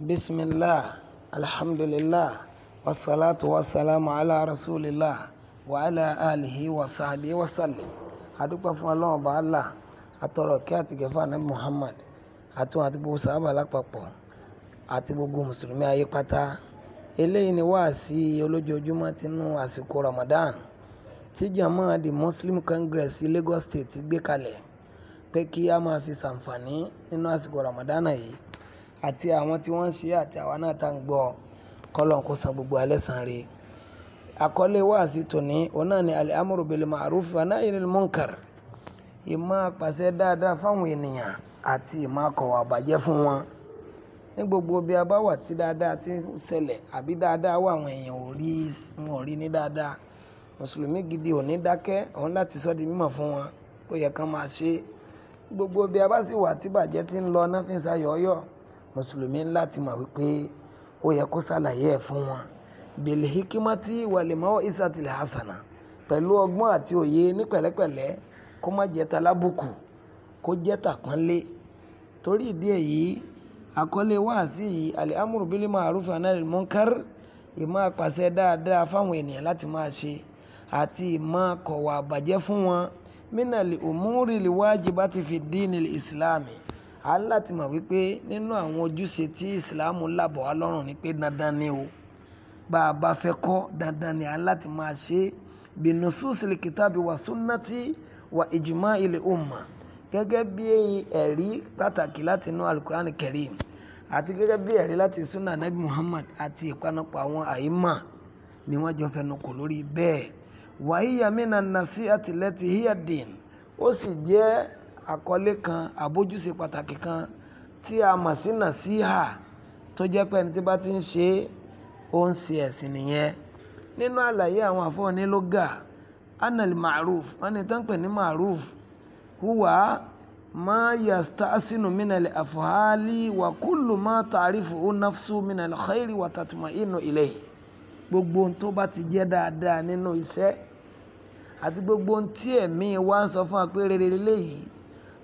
bismillah alhamdulillah wasalatu wasalamu ala rasulillah wa ala alihi wa sahbihi wa sallim adúpẹ́ fún ọlọ́run ọba allah atọrọ kí àtìgẹ́fà ní muhammad àti wọn àti gbogbo sábà lápapọ̀ àti gbogbo mùsùlùmí ayé pátá eléyìí ni wáàsí olójoojúmọ́ tinú àsìkò ramadan tí jama the muslim congress lagos state gbé kalẹ̀ pé kí a máa fi ṣàǹfààní nínú àsìkò ramadan yìí àti àwọn tí wọ́n ń ṣe àti àwa náà tá ń gbọ́ kọ́lọ̀ kó san gbogbo alẹ́ san re àkọlé wáàsí tòní òun náà ni al-amru bil ma'ruf wa nahy anil munkar ìmọ̀ àpàṣẹ dáadáa fáwọn ènìyàn àti ìmọ̀ akọ̀wà bàjẹ́ fún wọn ní gbogbo bí a bá wà tí dáadáa ti ń ṣẹlẹ̀ àbí dáadáa wà àwọn èèyàn ò rí wọn ò rí ní dáadáa mùsùlùmí gidi ò ní dákẹ́ òun láti sọ di mímọ̀ fún wọn ó yẹ kán máa ṣe gbogbo bí a bá sì wà tí bàjẹ́ ti ń lọ náà fi ń sayọ̀ ọyọ̀ mùsùlùmí láti mọ̀ wípé ó yẹ kó ṣàlàyé ẹ̀ fún wọn bèlè hikimati wàlímọ́ isatilẹ̀ hasana pẹ̀lú ọgbọ́n àti òye ní pẹ̀lẹ́pẹ̀lẹ́ kó má jẹ́ talábùkù kó jẹ́ tàpọ́nlé torí ìdí èyí àkọlé wáàsí yìí alihamuru bílí ma'ruf anil munkar ìmọ̀ àpàṣẹ dáadáa fáwọn ènìyàn láti máa ṣe àti ìmọ̀ kọ̀wà àbàjẹ́ fún wọn mínàlì umuri liwajibati fi dínil ìsìláàmì a ní láti mọ̀ wípé nínú àwọn ojúṣe tí ìsìláàmù là wá lọ́rùn ni pé dandan ni o bá a bá fẹ́ kọ́ dandan ni a ní láti máa ṣe é binususil kitabi wa sunnati wa ijima ilẹ̀ umma gẹ́gẹ́ bí ẹ̀rí pàtàkì láti inú alukurani karim àti gẹ́gẹ́ bí ẹ̀rí láti sunna anabi muhammad àti ìpanupọ̀ àwọn àyímà ni wọ́n jọ fẹnu kò lórí bẹ́ẹ̀ wàhíyàmínà nasi àtìlẹ́tì híyàdín ó sì jẹ́ àkọlé kan àbójúṣe pàtàkì kan tí a mọ̀ sí nàṣíhà tó jẹ́ pé ẹni tí bá ti ń ṣe é ó ń ṣe ẹ̀sìn nìyẹn nínú àlàyé àwọn àfọwọ́ni ló gà anal ma'ruf wọn ni tó ń pè ní ma'ruf huwa ma yastasinu minal afhali wa kullu ma ta'rifu nafsu minal khairi wa tatma'inu ilayhi gbogbo ohun tó bá ti jẹ́ dáadáa nínú iṣẹ́ àti gbogbo tí ẹ̀mí wa ń sọ fún apẹ́rẹ́ lélẹ́yìí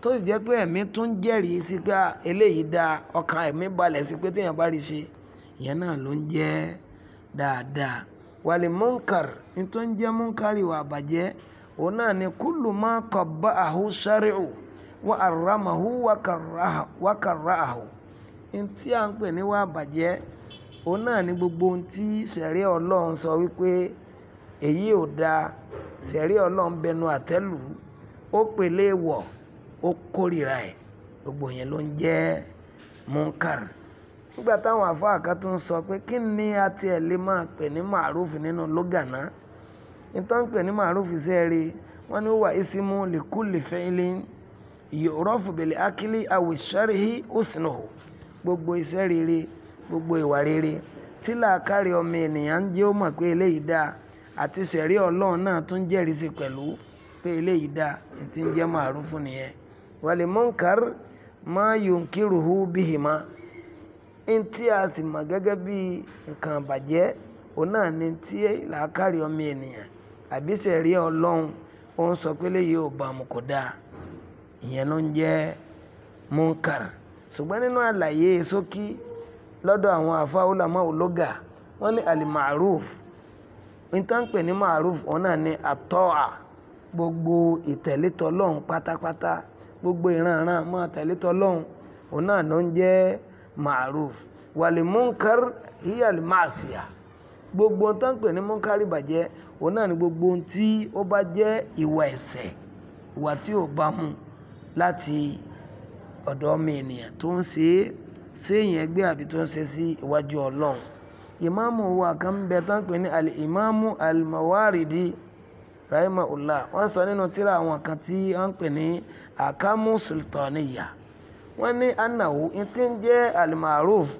tó sì jẹ́ pé ẹ̀mí tún ń jẹ́rìí sí pé ah, eléyìí dáa ọkàn ẹ̀mí balẹ̀ sí pé téèyàn bá rí ṣe ìyẹn náà ló ń jẹ́ dáadáa wàlí munkar ní tó ń jẹ́ munkar ìwà àbàjẹ́ òun náà ni kúlù máa kọ̀bá àhú ṣáríù wọ́n àrámàhú wákàráhù ní tí à ń pè ní wà àbàjẹ́ òun náà ni gbogbo ohun tí sẹ̀rí ọlọ́run sọ wípé èyí ò dáa sẹ̀rí ọlọ́run bẹnu àtẹ́lù ó pèlè wọ̀ o korira e gbogbo yẹn ló ń jẹ́ munkar nígbà táwọn àfáà tó ń sọ pé kí ni a ti lè máa pè ní màrúfù nínú lọ́gànà nítorí pè ní màrúfù sí ẹ̀rí wọ́n ní wà ísímù lìkúlì fẹ́ẹ́lì yòrọ́fù bèlè akílì àwòṣẹ́rìhí òsínòhò gbogbo iṣẹ́ rere gbogbo ìwà rere tí làákàrí ọmọ ènìyàn ń jẹ́ ó mọ̀ pé eléyìí dáa àti sẹ̀rí ọlọ́run náà tún sí pé eléyìí dáa ń màrúfù wàlìmọ́nkàr máa yunkiruhu bihima ń tí a si ma gẹ́gẹ́ bí nǹkan àbàjẹ́ òun náà ni tí làákàrí ọmọ ènìyàn àbísẹ̀ rí ọlọ́run ó sọ pé léyìí ò bá kò dáa ìyẹn ló ń jẹ́ munkar ṣùgbọ́n nínú àlàyé lọ́dọ̀ àwọn wọ́n gbogbo ìranran máa tẹ̀lé tọlọ́hun òun náà ló ń jẹ́ ma'ruf wàlí munkar hiyàlí màsíà gbogbo ohun tó ń pè ní munkar ìbàjẹ́ òun náà ni gbogbo ohun tí ó bá jẹ́ ìwà ẹ̀ṣẹ̀ ìwà tí ò bá mu láti ọ̀dọ̀ ọmọ ènìyàn tó ń ṣe é séèyàn ẹgbẹ́ àbí tó ń ṣe sí iwájú ọlọ́run ìmáàmù wa kan bẹ tó ń pè ní al-imamu al-mawaridi rahimahullah wọ́n sọ nínú tírà àwọn kan tí wọ́n ń pè ní àkámú sultaniya wọ́n ní anahu tí ń jẹ́ alimaruf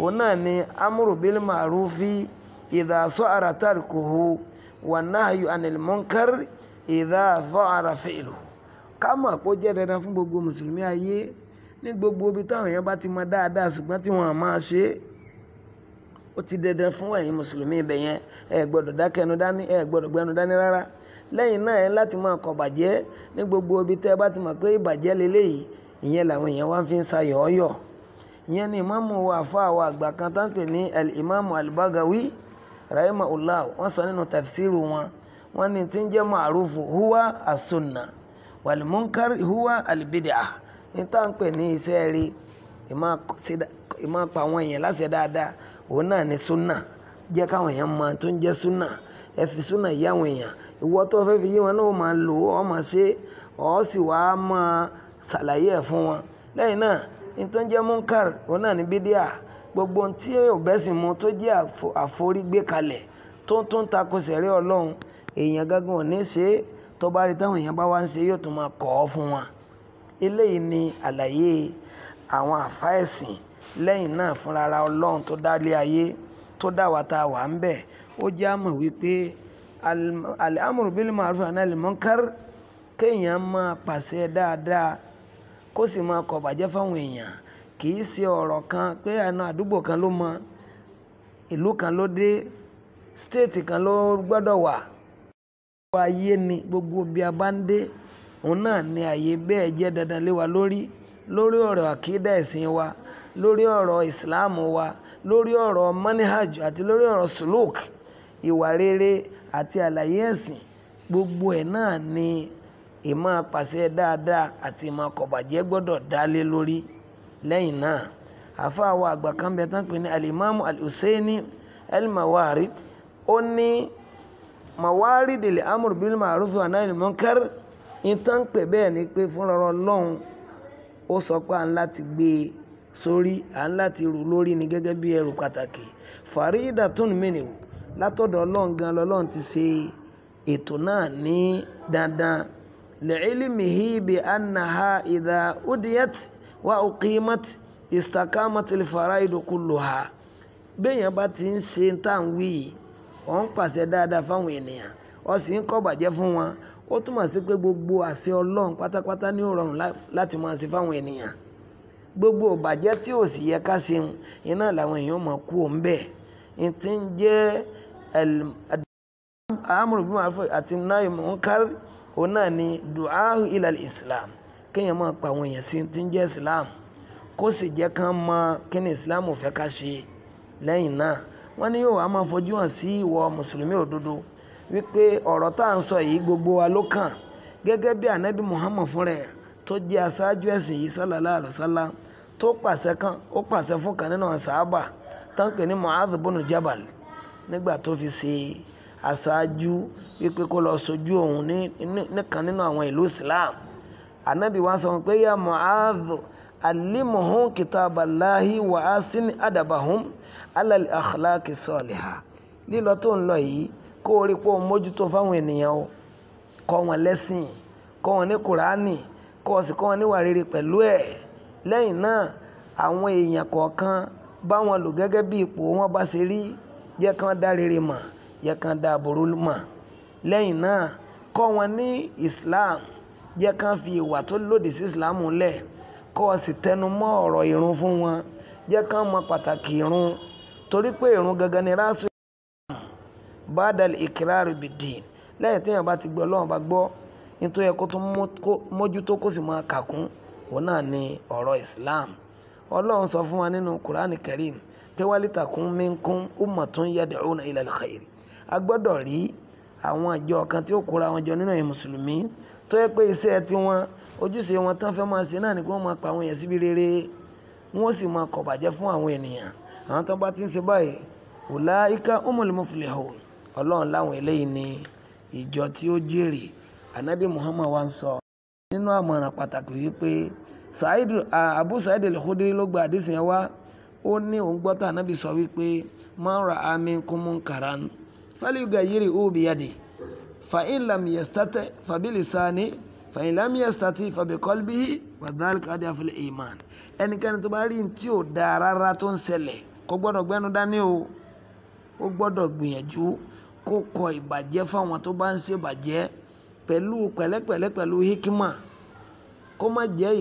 òun náà ni amúrù bil marufi idha sa'ara tarkuhu wà nahyu anil munkar idha sa'ara fi'lu ká mọ̀ pé ó jẹ́ dandan fún gbogbo mùsùlùmí ayé ní gbogbo ibi táwọn èèyàn bá ti mọ dáadáa ṣùgbọ́n tí wọ́n máa ṣe é ó ti dandan fún ẹ̀yin mùsùlùmí ibẹ̀ yẹn ẹ gbọ́dọ̀ dákẹ́nu dání ẹ gbọ́dọ̀ gbẹ́nu dání rárá lẹ́yìn náà ẹ láti máa kọ̀ bàjẹ́ ní gbogbo ibi tẹ́ ẹ bá ti mọ̀ pé ìbàjẹ́ leléyìí ìyẹn làwọn èèyàn wá fi ń sayọ̀ ọ́yọ̀ ìyẹn ni ìmáàmù wa àfa wa àgbà kan tán pè ní ìmáàmù al-Bagawi rahimahullah wọ́n sọ nínú tafsiru wọn wọ́n ní tí ń jẹ́ ma'rufu huwa as-sunnah wal munkar huwa al-bid'ah ní tá à ń pè ní iṣẹ́ rí ìmáa àwọn èèyàn láṣẹ dáadáa òun náà ni sunna jẹ́ káwọn èèyàn mọ̀ tó ń jẹ́ sunna ẹ fi súnà yí àwọn èèyàn ìwọ tó fẹ́ fi yí wọn náà ó máa lò ó máa ṣe ọ́ sì wàá máa ṣàlàyé ẹ̀ fún wọn lẹ́yìn náà ní tó ń jẹ́ munkar òun náà ní bídíà gbogbo ohun tí ò bẹ́sìn mu tó jẹ́ àforígbé kalẹ̀ tó ń tó ń takò sẹ̀rí ọlọ́run èèyàn gángan ò ní ṣe é tó bá rí táwọn èèyàn bá wá ń ṣe yóò tún máa kọ́ ọ fún wọn eléyìí ni àlàyé àwọn àfáà lẹ́yìn náà fúnra ọlọ́run tó dá lé ayé tó dá wa tá wà ń bẹ̀ ó jẹ́ àmọ̀ wípé al-amru bil ma'ruf àná al-munkar kéèyàn máa pàṣẹ dáadáa kó sì máa kọ̀ bàjẹ́ fáwọn èèyàn kì í ṣe ọ̀rọ̀ kan pé àna àdúgbò kan ló mọ ìlú kan ló dé stéètì kan ló gbọ́dọ̀ wà. gbogbo ayé ni gbogbo bí a bá ń dé òun náà ni àyè bẹ́ẹ̀ jẹ́ dandan lé wa lórí lórí ọ̀rọ̀ àkídà ẹ̀sìn wa lórí ọ̀rọ̀ ìsìláàmù wa lórí ọ̀rọ̀ manihaj àti lórí ọ̀rọ̀ suluk ìwà rere àti àlàyé ẹ̀sìn gbogbo ẹ̀ náà ni ìmọ̀ apàṣẹ dáadáa àti ìmọ̀ akọ̀bàjẹ́ gbọ́dọ̀ dálé lórí lẹ́yìn náà àfáà wa àgbà kan bẹ tán pé ní alimamu alhusseini elmawarid ó ní mawarid ilẹ̀ amur bil ma'ruf wa nahi munkar ní tán pè bẹ́ẹ̀ ni pé fúnra ọlọ́run ó sọ pé à ń láti gbé e sórí à ń láti rù lórí ni gẹ́gẹ́ bí ẹrù pàtàkì fàrídà tún mí nìwò látọ̀dọ̀ ọlọ́run gan lọ́lọ́run ti ṣe ètò náà ní dandan li'ilmihi bi annaha idha udiyat wa uqimat istakamat al-faraidu kulluha béèyàn bá ti ń ṣe tá à ń wí yìí ọ̀ ń pàṣẹ dáadáa fáwọn ènìyàn ó sì ń kọ́ bàjẹ́ fún wọn ó túmọ̀ sí pé gbogbo àṣẹ ọlọ́run pátápátá ní ó láti máa ṣe fáwọn ènìyàn gbogbo ìbàjẹ́ tí ò sì yẹ ká ṣeun iná làwọn èèyàn mọ̀ kú òun bẹ́ẹ̀ n àmúrù bí màá fọ àti náà munkar òun náà ni duahu ilal islam kéèyàn máa pa àwọn èèyàn sí ti ń jẹ́ islam kó sì jẹ́ kán mọ kí ni islam ò fẹ́ ká ṣe lẹ́yìn náà wọ́n ní yóò wá máa fojú hàn sí ìwọ mùsùlùmí òdodo wípé ọ̀rọ̀ tá à ń sọ yìí gbogbo wa ló kàn gẹ́gẹ́ bí anabi muhammad fúnra ẹ̀ tó jẹ́ aṣáájú ẹ̀sìn yìí sallallahu alaihi wasallam tó pàṣẹ kan ó pàṣẹ fún kan nínú àwọn sàábà tán pè ní jabal nígbà tó fi ṣe aṣáájú wípé kó lọ sojú òun nìkan nínú àwọn ìlú islam anabi wa sọ pé ya mu'adhu alimuhun kitaballahi wa asin adabahum alal akhlaqi salihah lílọ tó ń lọ yìí kó o rí pé o mójútó fáwọn ènìyàn o kọ́ wọn lẹ́sìn kọ́ wọn ní kùránì kọ́ ọ sì kọ́ wọn níwà rere pẹ̀lú ẹ̀ lẹ́yìn náà àwọn èèyàn kọ̀ọ̀kan bá wọn lò gẹ́gẹ́ bí ipò wọn bá ṣe rí jẹ́ kán dá rere mọ̀ jẹ́ kán dá aburú mọ̀ lẹ́yìn náà kọ́ wọn ní Islam jẹ́ kán fi ìwà tó lòdì sí Islam lẹ̀ kọ́ ọ sì tẹnu mọ́ ọ̀rọ̀ ìrun fún wọn jẹ́ kán mọ pàtàkì ìrun torí pé ìrun gangan ni ráṣù badal ikirari bidin lẹ́yìn téèyàn bá ti gbọ́ Ọlọ́run bá gbọ́ nítorí ẹ kó tún mójútó kó sì máa kàkún òun náà ni ọ̀rọ̀ Islam Ọlọ́run sọ fún wa nínú Kùránì Karim pé walitakun minkum ummatun yad'una ila al-khair a gbọ́dọ̀ rí àwọn àjọ kan tí ó kóra wọn jọ nínú ẹ̀yìn mùsùlùmí tó yẹ pé iṣẹ́ tiwọn ojúṣe wọn tán fẹ́ máa ṣe náà ni pé wọ́n máa pa àwọn èèyàn síbi rere wọ́n sì máa kọ̀bàjẹ́ fún àwọn ènìyàn àwọn tán bá ti ń ṣe báyìí ulaika umul muflihun ọlọ́run láwọn eléyìí ni ìjọ tí ó jèrè anabi muhammad wa ń sọ nínú àmọ̀ràn pàtàkì wípé abu sa'id al ló gba àdìsìn yẹn wá ó ní òun gbọ́ tá ànábì sọ wípé mọ́ra àmì kúmú kàrán fálígà yìí rí òbí yá di fàyín làmì yẹ̀sítátẹ̀ fàbílì sáni fàyín làmì yẹ̀sítátẹ̀ fàbíkọ́lbí wàdálì kàdé àfẹlẹ̀ ìmán ẹnikẹ́ni tó bá rí tí ò dáa rárá tó ń ṣẹlẹ̀ kò gbọ́dọ̀ gbẹ́nu dání o ó gbọ́dọ̀ gbìyànjú kó kọ ìbàjẹ́ fáwọn tó bá ń ṣèbàjẹ́ pẹ̀lú pẹ̀lẹ́pẹ̀lẹ́ pẹ̀lú hikima kó má jẹ́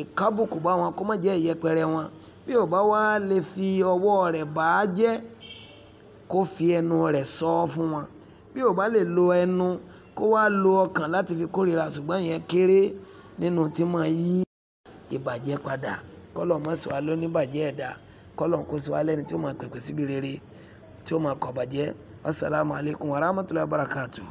ìkábùkù bá wọn kó má jẹ́ ìyẹpẹrẹ wọn bí ò bá wá lè fi ọwọ́ rẹ̀ bà á jẹ́ kó fi ẹnu rẹ̀ sọ ọ́ fún wọn bí ò bá lè lo ẹnu kó wá lo ọkàn láti fi kórìíra ṣùgbọ́n ìyẹn kéré nínú tí mo yí ìbàjẹ́ padà kọ́lọ̀ mọ́sọ̀ á lóní bàjẹ́ ẹ̀dá kọ́lọ̀ kó sọ alẹ́ tí ó máa pèpè síbi rere tí ó máa kọ̀ bàjẹ́ wasalaamu alaykum wa rahmatulahi wa barakatuh.